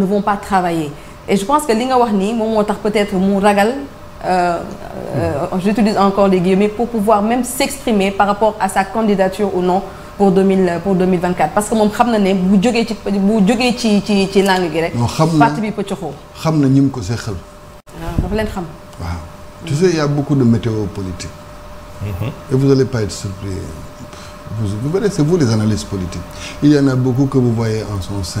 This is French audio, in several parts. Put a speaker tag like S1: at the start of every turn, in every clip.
S1: ne vont pas travailler et je pense que Lingawarni mon ni peut-être mon ragal euh, euh, euh, j'utilise encore des guillemets, pour pouvoir même s'exprimer par rapport à sa candidature ou non pour 2000 pour 2024 parce que mon xam ne bu ci ci langue grecque rek. parti bi pëccoxoo. xam ah, tu sais il y a beaucoup de météo politique. Mm-hmm. et vous n'allez pas être surpris vous vous verrez c'est vous les analystes politiques il y en a beaucoup que vous voyez en son sein.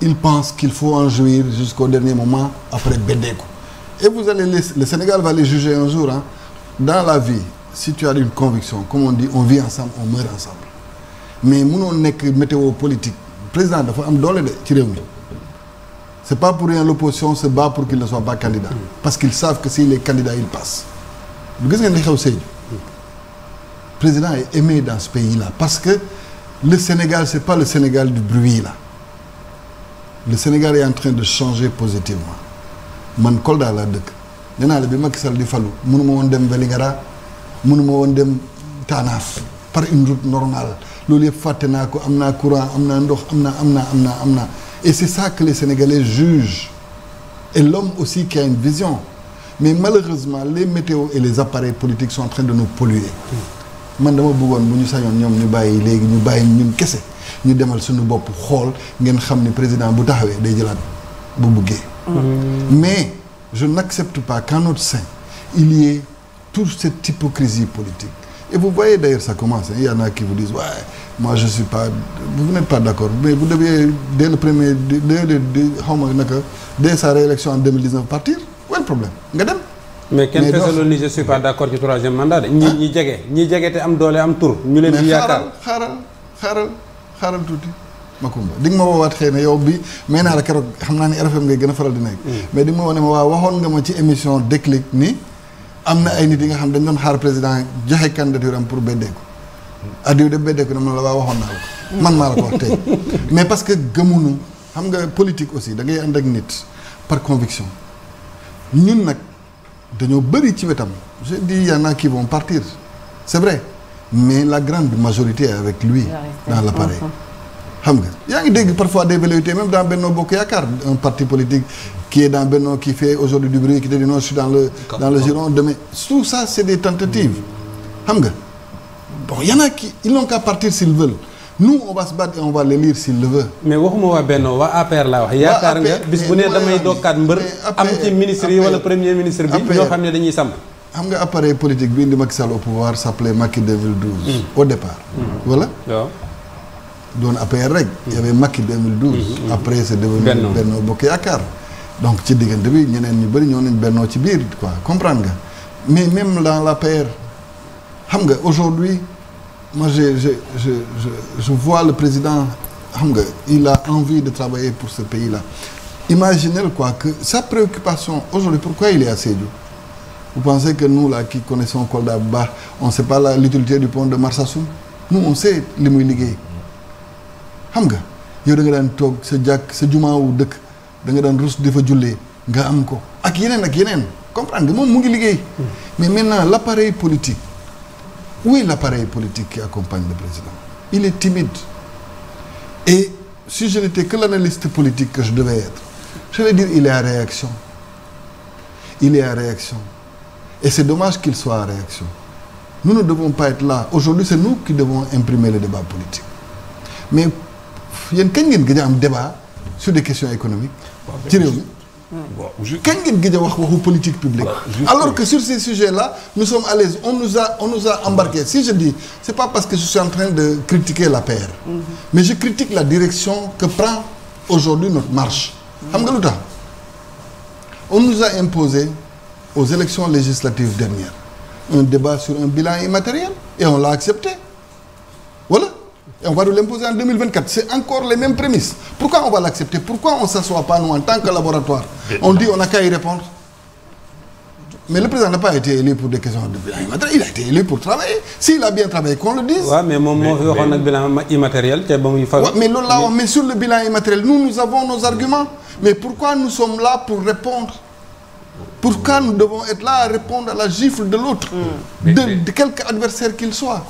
S1: Il pense qu'il faut en jouir jusqu'au dernier moment après Bédéco. Et vous allez le Sénégal va les juger un jour. Hein. Dans la vie, si tu as une conviction, comme on dit, on vit ensemble, on meurt ensemble. Mais nous, on n'est que météo politique. Le président, il faut de C'est pas pour rien l'opposition se bat pour qu'il ne soit pas candidat. Parce qu'ils savent que s'il est candidat, il passe. Vous ce Le président est aimé dans ce pays-là. Parce que le Sénégal, c'est pas le Sénégal du bruit là le Sénégal est en train de changer positivement man Kolda laa dëkk nee naa la bi Macky di fallu munu mo won dem Vélingara munu mo dem par une route normale loolu yëpp ko Amna naa Amna amna Amna ndox amna amna. et c'est ça que les Sénégalais jugent et l'homme aussi qui a une vision mais malheureusement les météos et les appareils politiques sont en train de nous polluer man dama bëggoon buñu ñu ñom ñu bayyi légui ñu bayyi ñun kessé ñu demal suñu bop xol ngeen xamni président bu taxawé day jëlat bu mm. mais je n'accepte pas qu'en notre sein il y ait toute cette hypocrisie politique et vous voyez d'ailleurs ça commence hein. il y en a qui vous disent ouais moi je suis pas vous n'êtes pas d'accord mais vous devez dès le premier dès dès sa réélection en 2019 partir le problème nga dem mais quel président ni je suis pas d'accord du troisième mandat Ni ni ñi ni ah. ñi jege am doolé am tour ñu leen di xaaral tuuti Makumba ding ma woowaat xeyna yow bi meena la keroog xamna ni RFM ngay gëna faral di nek hmm. mais ding ma woné ma waaw waxon nga ma ci émission déclic ni amna ay nit yi nga xam dañ doon xaar président joxe candidature am pour ko hmm. adiw de beddeeku ne man la waa waxoon ko
S2: man ma la ko hmm. tay
S1: mais parce que gëmunu xam nga politique aussi da ngay and ak nit par conviction ñun nak dañu bari ci wétam je dis y en a qui vont partir c'est vrai mais la grande majorité est avec lui dans l'appareil mhm. xam nga yaa ngi parfois des velléités même dans Benno Bokk un parti politique qui est dans Benno qui fait aujourd'hui du bruit qui dit non je suis dans le dans le giron demain tout ça c'est des tentatives xam bon y en a qui ils n'ont qu'à partir s'ils veulent nous on va se battre et on va les lire s'ils le veulent mais waxuma waa Benno waa APR laa wax yaakaar nga bis bu ne damay dokkaat mbër am ci ministre yi le premier ministre bi ñoo xam dañuy L'appareil appareil politique de indi au pouvoir s'appelait Maki 2012. Mm. au départ. Mm. voilà Donc après il y avait Maki 2012. Mm. après c'est devenu Benno Bokk donc ci diggante bi ñeneen ñu bëri ñoo nañ bennoo ci biir quoi comprendre mais même dans l'APR aujourd'hui moi je je je je vois le président il a envie de travailler pour ce pays-là imaginez quoi que sa préoccupation aujourd'hui pourquoi il est à vous pensez que nous, là, qui connaissons Kolda Ba, on ne sait pas l'utilité du pont de Marsassou Nous, on sait les mots Vous savez, yow da nga daan tog, sa ce sa jumaawu dëkk da nga daan rus di fa nga am ko ak ak comprendre nga ngi hmm. mais maintenant l'appareil politique où est l'appareil politique qui accompagne le président il est timide et si je n'étais que l'analyste politique que je devais être je vais dire il est à réaction il est à réaction et c'est dommage qu'il soit en réaction. Nous ne devons pas être là. Aujourd'hui, c'est nous qui devons imprimer le débat politique. Mais il y a un débat sur des questions économiques. a politique publique. Alors que sur ces sujets-là, nous sommes à l'aise. On nous a, on nous a embarqués. Si je dis, c'est pas parce que je suis en train de critiquer la paire, mhm. mais je critique la direction que prend aujourd'hui notre marche. On nous a imposé aux élections législatives dernières un débat sur un bilan immatériel et on l'a accepté. Voilà. Et on va nous l'imposer en 2024. C'est encore les mêmes prémices. Pourquoi on va l'accepter Pourquoi on ne s'assoit pas, nous, en tant que laboratoire On dit on n'a qu'à y répondre. Mais le président n'a pas été élu pour des questions de bilan immatériel. Il a été élu pour travailler. S'il a bien travaillé, qu'on le dise. Oui, mais on a bilan immatériel. mais sur le bilan immatériel. Nous, nous avons nos arguments. Mais pourquoi nous sommes là pour répondre pourquoi nous devons être là à répondre à la gifle de l'autre, mm. de, quelque adversaire qu'il soit.